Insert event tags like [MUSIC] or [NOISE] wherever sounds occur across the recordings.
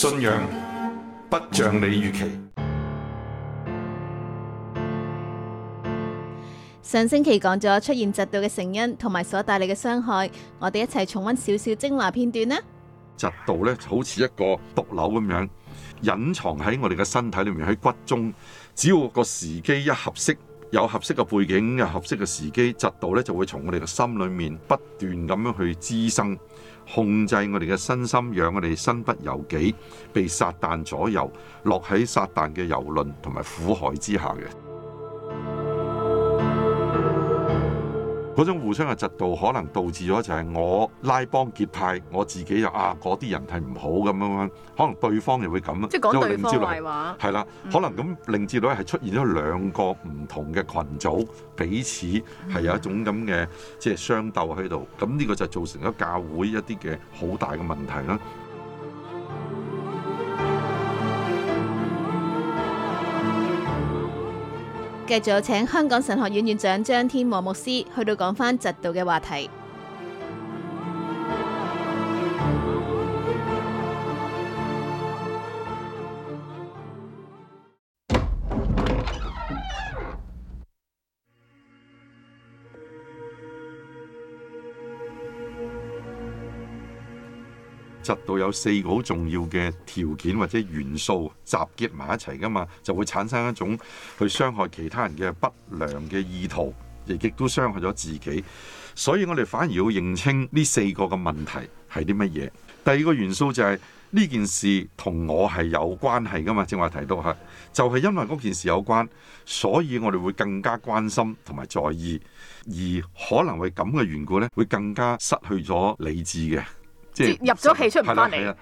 信仰不像你預期。上星期講咗出現嫉妒嘅成因同埋所帶嚟嘅傷害，我哋一齊重溫少少精華片段啦。嫉妒咧就好似一個毒瘤咁樣，隱藏喺我哋嘅身體裏面，喺骨中。只要個時機一合適，有合適嘅背景、有合適嘅時機，嫉妒就會從我哋嘅心裏面不斷咁樣去滋生，控制我哋嘅身心，讓我哋身不由己，被撒旦左右，落喺撒旦嘅遊輪同埋苦海之下。嗰種互相嘅嫉妒可能導致咗就係我拉幫結派，我自己又啊嗰啲人係唔好咁樣樣，可能對方又會咁，即因為令智女係啦，可能咁令智女係出現咗兩個唔同嘅群組，彼此係有一種咁嘅即係相鬥喺度，咁呢個就造成咗教會一啲嘅好大嘅問題啦。繼續要請香港神學院院長張天和牧師去到講返嫉妒嘅話題。到有四個好重要嘅條件或者元素集結埋一齊㗎嘛，就會產生一種去傷害其他人嘅不良嘅意圖，而亦都傷害咗自己。所以我哋反而要認清呢四個嘅問題係啲乜嘢。第二個元素就係呢件事同我係有關係㗎嘛，正話提到吓，就係因為嗰件事有關，所以我哋會更加關心同埋在意，而可能為咁嘅緣故呢，會更加失去咗理智嘅。入咗氣出唔翻嚟。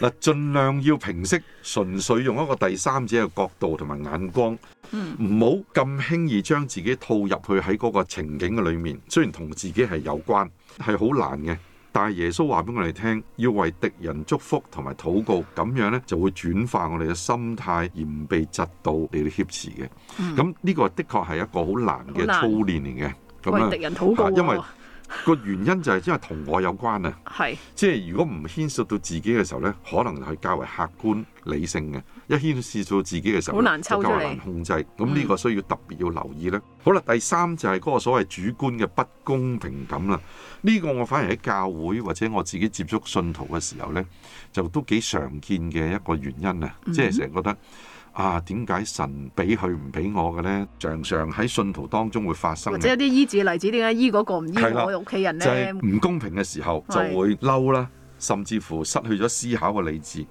嗱，儘量要平息，純粹用一個第三者嘅角度同埋眼光，唔好咁輕易將自己套入去喺嗰個情景嘅裡面。雖然同自己係有關，係好難嘅。但係耶穌話俾我哋聽，要為敵人祝福同埋禱告，咁樣呢就會轉化我哋嘅心態，而唔被嫉妒嚟到挾持嘅。咁呢個的確係一個好難嘅操練嚟嘅。為敵人禱告，因為個原因就係因為同我有關啊，是即係如果唔牽涉到自己嘅時候呢，可能係較為客觀理性嘅；一牽涉到自己嘅時候，好難抽離，好難控制。咁呢、嗯、個需要特別要留意咧。好啦，第三就係嗰個所謂主觀嘅不公平感啦。呢、呢個我反而喺教會或者我自己接觸信徒嘅時候呢，就都幾常見嘅一個原因啊。即係成日覺得。啊，點解神俾佢唔俾我嘅呢？常常喺信徒當中會發生，或者一啲醫治嘅例子，點解醫嗰個唔醫我嘅屋企人呢？唔、就是、公平嘅時候就會嬲啦，的甚至乎失去咗思考嘅理智。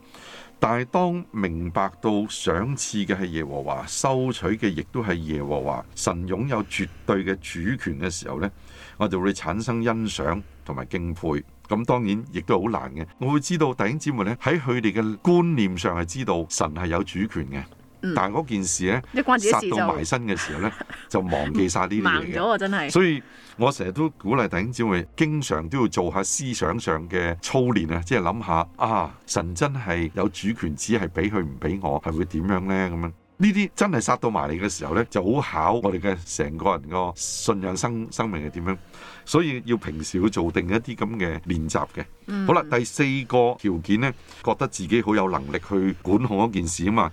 但係當明白到賞賜嘅係耶和華，收取嘅亦都係耶和華，神擁有絕對嘅主權嘅時候呢，我哋會產生欣賞同埋敬佩。咁當然亦都好難嘅，我會知道弟兄姊妹咧喺佢哋嘅觀念上係知道神係有主權嘅，嗯、但係嗰件事咧，一關自己事殺到埋身嘅時候咧， [LAUGHS] 就忘記晒呢啲嘢嘅。所以我成日都鼓勵弟兄姊妹，經常都要做下思想上嘅操練啊，即係諗下啊，神真係有主權，只係俾佢唔俾我，係會點樣咧咁樣。呢啲真係殺到埋嚟嘅時候呢，就好考我哋嘅成個人個信仰生生命係點樣，所以要平時要做定一啲咁嘅練習嘅。嗯、好啦，第四個條件呢，覺得自己好有能力去管控一件事啊嘛，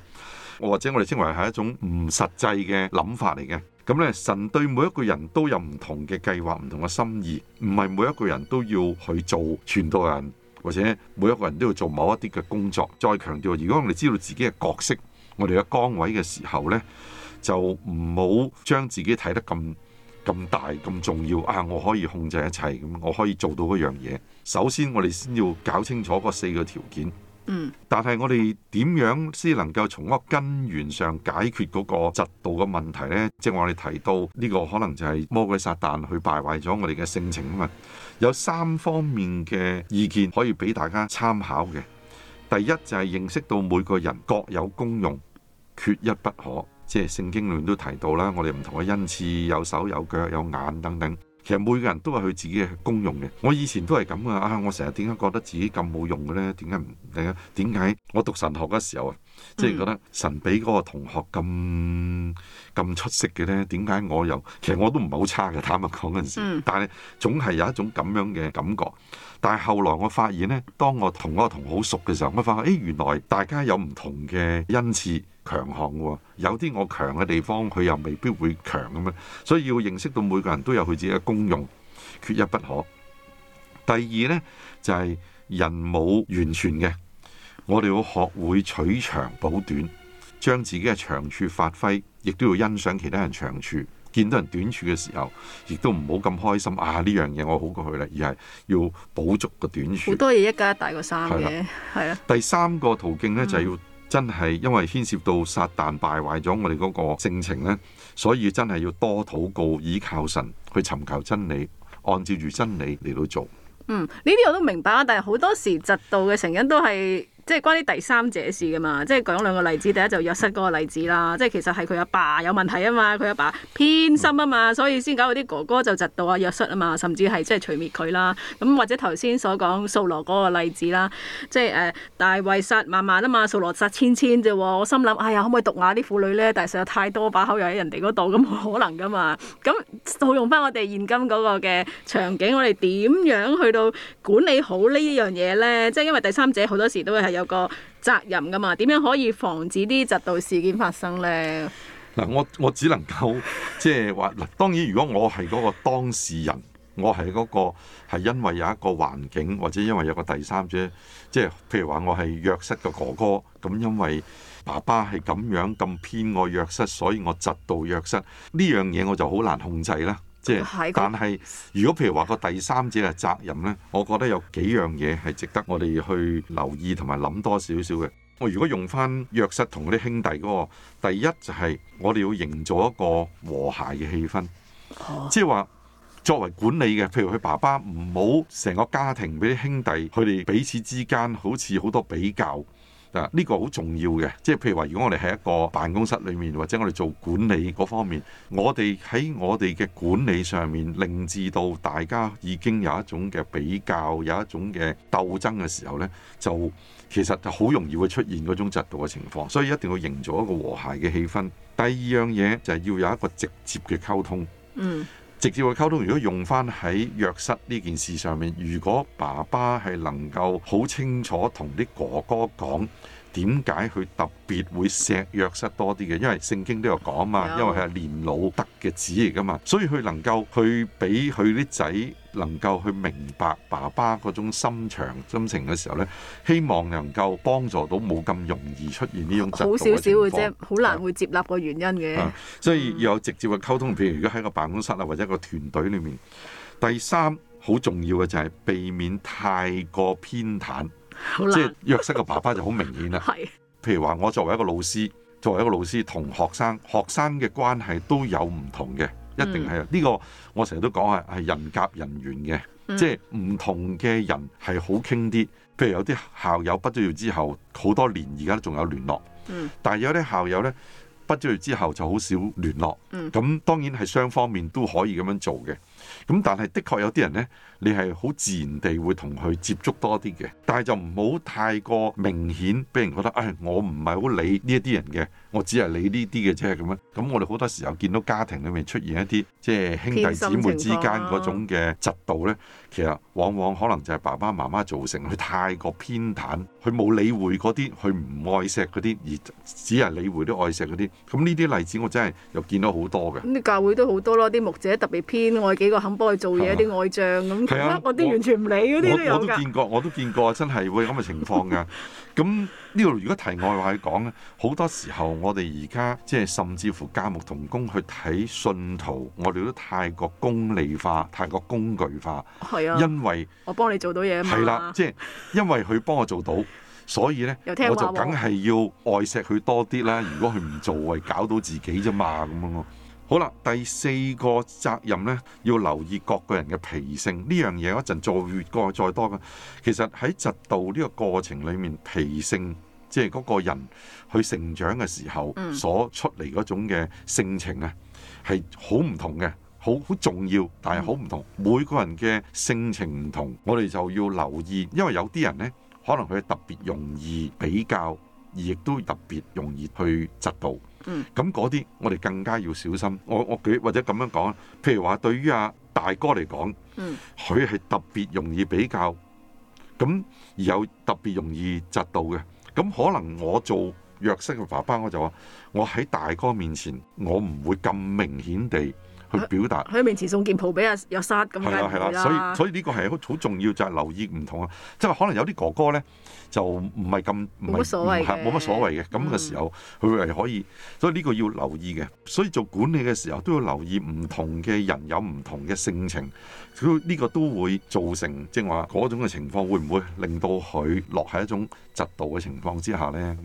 或者我哋稱為係一種唔實際嘅諗法嚟嘅。咁呢，神對每一個人都有唔同嘅計劃、唔同嘅心意，唔係每一個人都要去做傳道人，或者每一個人都要做某一啲嘅工作。再強調，如果我哋知道自己嘅角色，我哋嘅崗位嘅時候呢，就唔好將自己睇得咁咁大、咁重要啊！我可以控制一切，咁我可以做到嗰樣嘢。首先，我哋先要搞清楚嗰四個條件。嗯。但係我哋點樣先能夠從一個根源上解決嗰個嫉妒嘅問題呢？即係我哋提到呢個可能就係魔鬼撒旦去敗壞咗我哋嘅性情啊嘛。有三方面嘅意見可以俾大家參考嘅。第一就係認識到每個人各有功用，缺一不可。即係聖經裏面都提到啦，我哋唔同嘅恩賜有手、有腳、有眼等等。其實每個人都係佢自己嘅功用嘅。我以前都係咁噶，啊，我成日點解覺得自己咁冇用嘅咧？點解唔點解？我讀神學嘅時候啊？即係覺得神俾嗰個同學咁咁出色嘅呢，點解我又，其實我都唔係好差嘅，坦白講嗰陣時。但係總係有一種咁樣嘅感覺。但係後來我發現呢，當我同嗰個同學好熟嘅時候，我發覺、欸、原來大家有唔同嘅恩賜、強項喎。有啲我強嘅地方，佢又未必會強咁樣。所以要認識到每個人都有佢自己嘅功用，缺一不可。第二呢，就係、是、人冇完全嘅。我哋要學會取長補短，將自己嘅長處發揮，亦都要欣賞其他人長處。見到人短處嘅時候，亦都唔好咁開心啊！呢樣嘢我好過去啦，而係要補足個短處。好多嘢一加一大過三嘅，係嘅。係嘅。第三個途徑呢，就係要真係因為牽涉到撒旦敗壞咗我哋嗰個性情呢，所以真係要多禱告，倚靠神去尋求真理，按照住真理嚟到做。嗯，呢啲我都明白但係好多時嫉妒嘅成因都係。即係關啲第三者事噶嘛，即係講咗兩個例子，第一就約瑟嗰個例子啦，即係其實係佢阿爸有問題啊嘛，佢阿爸、爸偏心啊嘛，所以先搞到啲哥哥就窒到阿約瑟啊嘛，甚至係即係除滅佢啦，咁或者頭先所講掃羅嗰個例子啦，即係誒大衛殺萬萬啊嘛，掃羅殺千千咋喎，哦，我心諗哎呀可唔可以毒啞啲婦女咧，但係實有太多把口又喺人哋嗰度，咁冇可能噶嘛，咁套用翻我哋現今嗰個嘅場景，我哋點樣去到管理好呢樣嘢咧？即係因為第三者好多時都會係。有個責任噶嘛，點樣可以防止啲嫉妒事件發生呢？嗱，我我只能夠即係話嗱，當然如果我係嗰個當事人，我係嗰個係因為有一個環境或者因為有個第三者，即係譬如話，我係弱失嘅哥哥，咁因為爸爸係咁樣咁偏愛弱失，所以我嫉妒弱失呢樣嘢我就好難控制啦。即係、但係如果譬如話個第三者嘅責任呢，我覺得有幾樣嘢係值得我哋去留意同埋諗多少少嘅。我如果用翻約瑟同嗰啲兄弟嗰個，第一就係我哋要營造一個和諧嘅氣氛，即係話作為管理嘅，譬如佢爸爸唔好成個家庭俾啲兄弟，佢哋彼此之間好似好多比較。啊！呢個好重要嘅，即係譬如話，如果我哋喺一個辦公室裏面，或者我哋做管理嗰方面，我哋喺我哋嘅管理上面，令至到大家已經有一種嘅比較，有一種嘅鬥爭嘅時候呢，就其實就好容易會出現嗰種窒到嘅情況。所以一定要營造一個和諧嘅氣氛。第二樣嘢就係要有一個直接嘅溝通。嗯。直接去溝通，如果用翻喺約瑟呢件事上面，如果爸爸係能夠好清楚同啲哥哥講點解佢特別會錫約瑟多啲嘅，因為聖經都有講嘛，因為係年老得嘅子嚟㗎嘛，所以佢能夠去俾佢啲仔。能夠去明白爸爸嗰種心腸、心情嘅時候呢，希望能夠幫助到冇咁容易出現呢種嫉妒嘅情況。好少少，即係好難會接納個原因嘅。所以要有直接嘅溝通，譬如如果喺個辦公室啊，或者一個團隊裏面。第三好重要嘅就係避免太過偏袒，難即係約識嘅爸爸就好明顯啦。 [LAUGHS] 是譬如話，我作為一個老師，作為一個老師同學生、學生嘅關係都有唔同嘅。一定係啊！嗯、呢個我成日都講係係人夾人緣嘅，嗯、即係唔同嘅人係好傾啲。譬如有啲校友畢咗業之後好多年，而家都仲有聯絡。嗯、但係有啲校友呢，畢咗業之後就好少聯絡。嗯，咁當然係雙方面都可以咁樣做嘅。咁但係的確有啲人呢，你係好自然地會同佢接觸多啲嘅，但係就唔好太過明顯，俾人覺得，哎，我唔係好理呢一啲人嘅，我只係理呢啲嘅啫咁樣。咁我哋好多時候見到家庭裡面出現一啲即係兄弟姊妹之間嗰種嘅嫉妒咧，其實往往可能就係爸爸媽媽造成佢太過偏袒，佢冇理會嗰啲，佢唔愛錫嗰啲，而只係理會啲愛錫嗰啲。咁呢啲例子我真係又見到好多嘅。咁啲教會都好多咯，啲牧者特別偏愛幾個肯幫佢做嘢啲愛將咁。係啊，我啲完全唔理嗰啲都有噶。我都見過，我都見過，真係會咁嘅情況噶。咁呢度如果題外話去講咧，好多時候我哋而家即係甚至乎教牧同工去睇信徒，我哋都太過功利化，太過工具化。係啊，因為我幫你做到嘢啊嘛。係啦，即係因為佢幫我做到，所以咧、啊、我就梗係要愛錫佢多啲啦。如果佢唔做，為搞到自己啫嘛咁樣咯。好啦，第四個責任呢，要留意各個人嘅脾性呢樣嘢。一陣再越過再多嘅，其實喺嫉妒呢個過程裡面，脾性即係嗰個人去成長嘅時候，嗯、所出嚟嗰種嘅性情啊，係好唔同嘅，好好重要，但係好唔同。嗯、每個人嘅性情唔同，我哋就要留意，因為有啲人呢，可能佢特別容易比較，亦都特別容易去嫉妒。咁嗰啲我哋更加要小心。我我舉或者咁樣講，譬如話對於阿、啊、大哥嚟講，佢係、嗯、特別容易比較，咁而有特別容易窒到嘅。咁可能我做弱式嘅爸爸我，我就話我喺大哥面前，我唔會咁明顯地。表達喺面前送件袍俾阿阿沙咁，係啦係啦，所以所以呢個係好好重要，就係留意唔同啊，即係話可能有啲哥哥咧，就唔係咁冇乜所謂冇乜所謂嘅咁嘅時候，佢係可以，所以呢個要留意嘅。所以做管理嘅時候都要留意唔同嘅人有唔同嘅性情，咁呢個都會造成，即係話嗰種嘅情況會唔會令到佢落喺一種嫉妒嘅情況之下咧？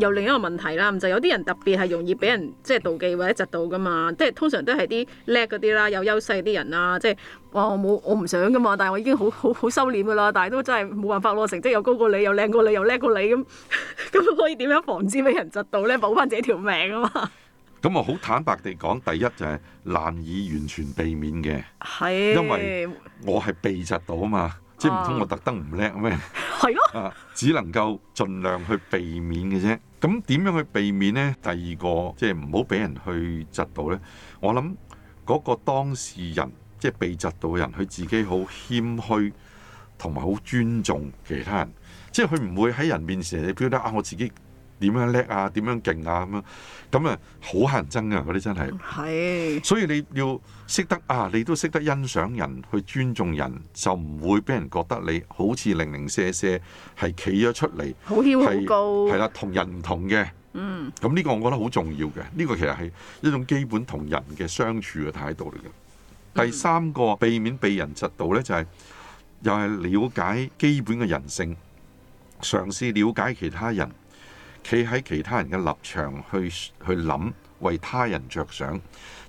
有另一個問題啦，就有啲人特別係容易俾人即係妒忌或者嫉妒噶嘛，即係通常都係啲叻嗰啲啦，有優勢啲人啊，即係哇，我冇我唔想噶嘛，但係我已經好好好收斂噶啦，但係都真係冇辦法咯，成績又高過你，又靚過你，又叻過你咁，咁可以點樣防止俾人嫉妒咧？保返自己條命啊嘛！咁我好坦白地講，第一就係難以完全避免嘅，係是因為我係被嫉妒啊嘛，即係唔通我特登唔叻咩？係咯、啊，啊、 [LAUGHS] 只能夠盡量去避免嘅啫。咁點樣去避免呢？第二個即係唔好俾人去窒到呢。我諗嗰個當事人，即係被窒到嘅人，佢自己好謙虛同埋好尊重其他人，即係佢唔會喺人面前你表得啊我自己。點樣叻啊？點樣勁啊？咁樣咁啊，好乞人憎噶！嗰啲真係，係，所以你要識得啊，你都識得欣賞人，去尊重人，就唔會俾人覺得你好似零零舍舍係企咗出嚟，好高，係啦，啊、人同人唔同嘅。嗯，咁呢個我覺得好重要嘅，呢、呢個其實係一種基本同人嘅相處嘅態度嚟嘅。嗯、第三個避免被人窒到呢，就係、係、又係了解基本嘅人性，嘗試了解其他人。企喺其他人嘅立場去去諗，為他人着想。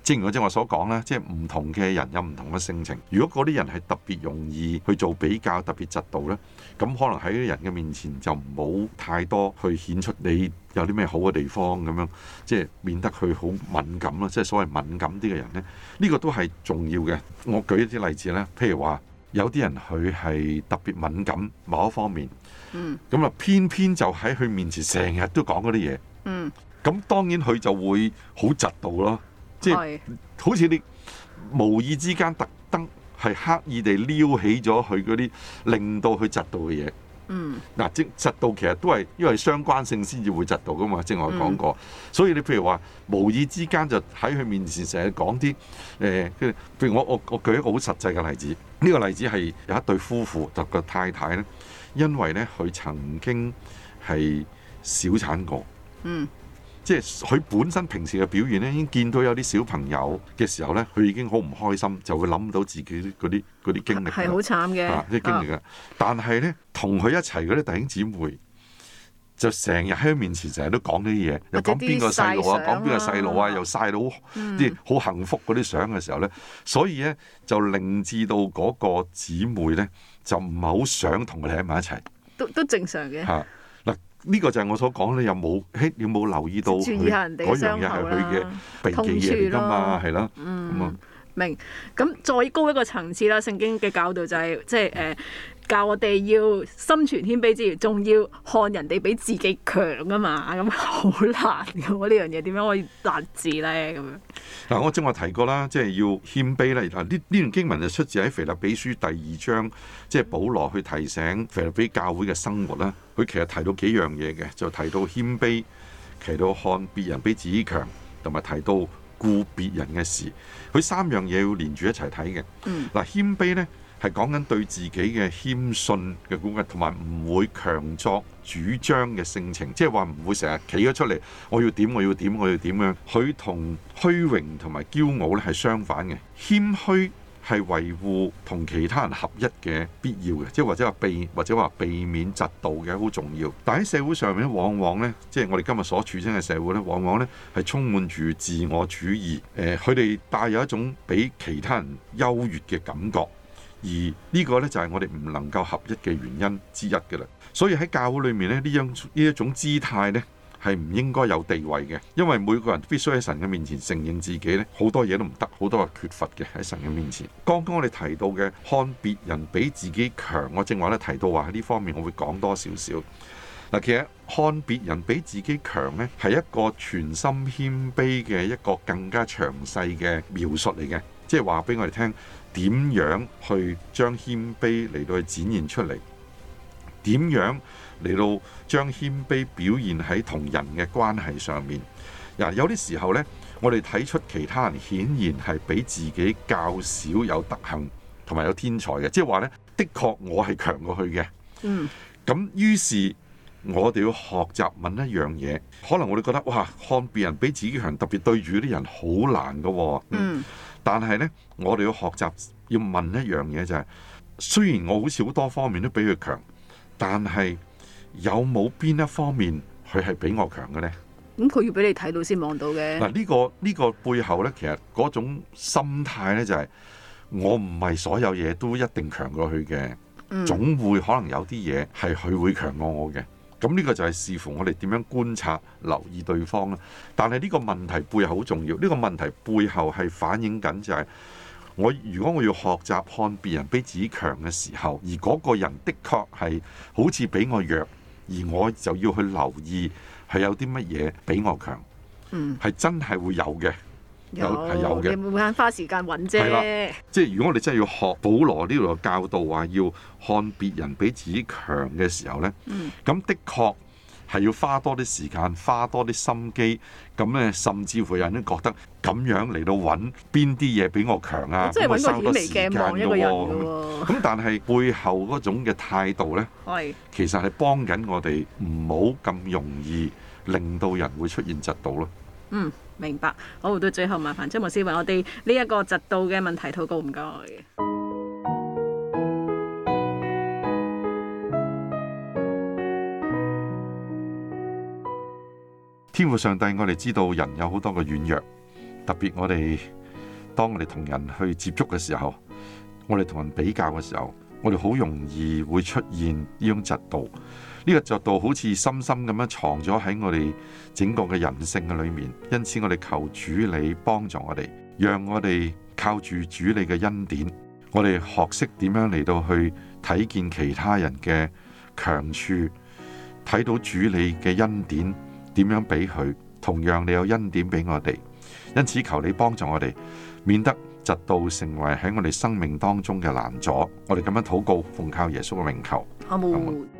正如我正話所講咧，即係唔同嘅人有唔同嘅性情。如果嗰啲人係特別容易去做比較、特別嫉妒咧，咁可能喺人嘅面前就唔好太多去顯出你有啲咩好嘅地方咁樣，即係變得佢好敏感咯，即係所謂敏感啲嘅人咧，呢、呢個都係重要嘅。我舉一啲例子咧，譬如話。有啲人佢係特別敏感某一方面，嗯，咁啊偏偏就喺佢面前成日都講嗰啲嘢，嗯，咁當然佢就會好窒到咯，即係是好似你無意之間特登係刻意地撩起咗佢嗰啲，令到佢窒到嘅嘢，嗯，嗱即窒到其實都係因為相關性先至會窒到噶嘛，即係我講過，嗯、所以你譬如話無意之間就喺佢面前成日講啲誒，譬如我我我舉一個好實際嘅例子。呢個例子係有一對夫婦，就個太太呢，因為呢，佢曾經係小產過，嗯、即係佢本身平時嘅表現呢，已經見到有啲小朋友嘅時候呢，佢已經好唔開心，就會諗到自己嗰啲嗰啲經歷，係好慘嘅，啲、啊即係、經歷嘅。啊、但係呢，同佢一齊嗰啲弟兄姊妹，就成日喺佢面前，成日都講呢啲嘢，又講邊個細路啊，講邊個細路啊，又晒到啲好幸福嗰啲相嘅時候咧，所以咧就令至到嗰個姊妹咧就唔係好想同佢哋喺埋一齊。都都正常嘅。吓嗱，呢個就係我所講，你有冇，你有冇留意到嗰樣嘢係佢嘅避忌嘢嚟噶嘛？係啦。的嗯、啊，明。咁再高一個層次啦，聖經嘅教導就係、是、即係誒。呃嗯教我哋要心存謙卑之餘，仲要看人哋比自己強㗎嘛！咁好難噶，呢樣嘢點樣可以達至呢？咁樣嗱，我正話提過啦，即係要謙卑咧。嗱，呢呢段經文就出自喺《腓立比書》第二章，即係保羅去提醒腓立比教會嘅生活啦。佢其實提到幾樣嘢嘅，就提到謙卑，提到看別人比自己強，同埋提到顧別人嘅事。佢三樣嘢要連住一齊睇嘅。嗯，嗱，謙卑呢。係講緊對自己嘅謙遜嘅估計，同埋唔會強作主張嘅性情，即係話唔會成日企咗出嚟，我要點，我要點，我要點樣。佢同虛榮同埋驕傲呢係相反嘅，謙虛係維護同其他人合一嘅必要嘅，即係或者話避或者話避免嫉妒嘅，好重要。但喺社會上面，往往呢，即係我哋今日所處身嘅社會呢，往往呢係、就是、充滿住自我主義。誒、呃，佢哋帶有一種比其他人優越嘅感覺。而呢個呢，就係我哋唔能夠合一嘅原因之一嘅啦。所以喺教會裏面咧，呢樣呢一種姿態呢，係唔應該有地位嘅，因為每個人都必須喺神嘅面前承認自己呢好多嘢都唔得，好多係缺乏嘅喺神嘅面前。剛剛我哋提到嘅看別人比自己強，我正話咧提到話喺呢方面，我會講多少少嗱。其實看別人比自己強呢，係一個全心謙卑嘅一個更加詳細嘅描述嚟嘅，即係話俾我哋聽。點樣去將謙卑嚟到去展現出嚟？點樣嚟到將謙卑表現喺同人嘅關係上面？嗱，有啲時候呢，我哋睇出其他人顯然係比自己較少有德行同埋有天才嘅，即係話呢，的確我係強過佢嘅。嗯，咁於是我哋要學習問一樣嘢，可能我哋覺得哇，看別人比自己強，特別對住啲人好難噶喎。嗯。嗯。但係呢，我哋要學習要問一樣嘢就係、是，雖然我好似好多方面都比佢強，但係有冇邊一方面佢係比我強嘅呢？咁佢要俾你睇到先望到嘅。嗱呢、啊呢個呢、呢個背後呢，其實嗰種心態呢，就係、是，我唔係所有嘢都一定強過佢嘅，嗯、總會可能有啲嘢係佢會強過我嘅。咁呢個就係視乎我哋點樣觀察、留意對方啦、啊。但係呢個問題背後好重要，呢、這個問題背後係反映緊就係、是、我如果我要學習看別人比自己強嘅時候，而嗰個人的確係好似比我弱，而我就要去留意係有啲乜嘢比我強，嗯，係真係會有嘅。有，嘅，你會唔會肯花時間揾啫。即係如果我哋真係要學保羅呢度嘅教導、啊，話要看別人比自己強嘅時候咧，咁、嗯、的確係要花多啲時間，花多啲心機。咁咧，甚至乎有人覺得咁樣嚟到揾邊啲嘢比我強啊，即係真花多時間嘅、啊、一,一個人、啊。咁但係背後嗰種嘅態度咧，係是其實係幫緊我哋唔好咁容易令到人會出現窒到咯。嗯，明白。好，到最後麻煩張牧師為我哋呢一個嫉妒嘅問題禱告，唔該。天父上帝，我哋知道人有好多嘅軟弱，特別我哋當我哋同人去接觸嘅時候，我哋同人比較嘅時候。我哋好容易會出現呢種嫉妒，呢、這個嫉妒好似深深咁樣藏咗喺我哋整個嘅人性嘅裏面，因此我哋求主你幫助我哋，讓我哋靠住主你嘅恩典，我哋學識點樣嚟到去睇見其他人嘅強處，睇到主你嘅恩典點樣俾佢。同樣你有恩典俾我哋，因此求你幫助我哋，免得，嫉妒成為喺我哋生命當中嘅攔阻，我哋咁樣禱告，奉靠耶穌嘅名求。阿們。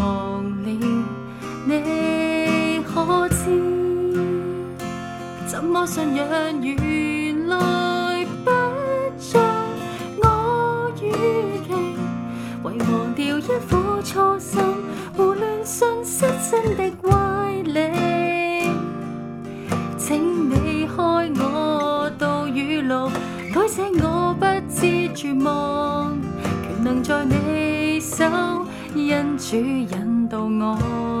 我信仰原來不像我預期，遺忘掉一副初心，胡亂信失真的歪理。請你開我道與路，改寫我不知絕望，權能在你手，因主引導我。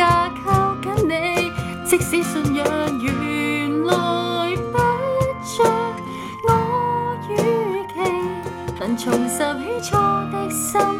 也靠緊你，即使信仰原來不着我預期，能重拾起初的心。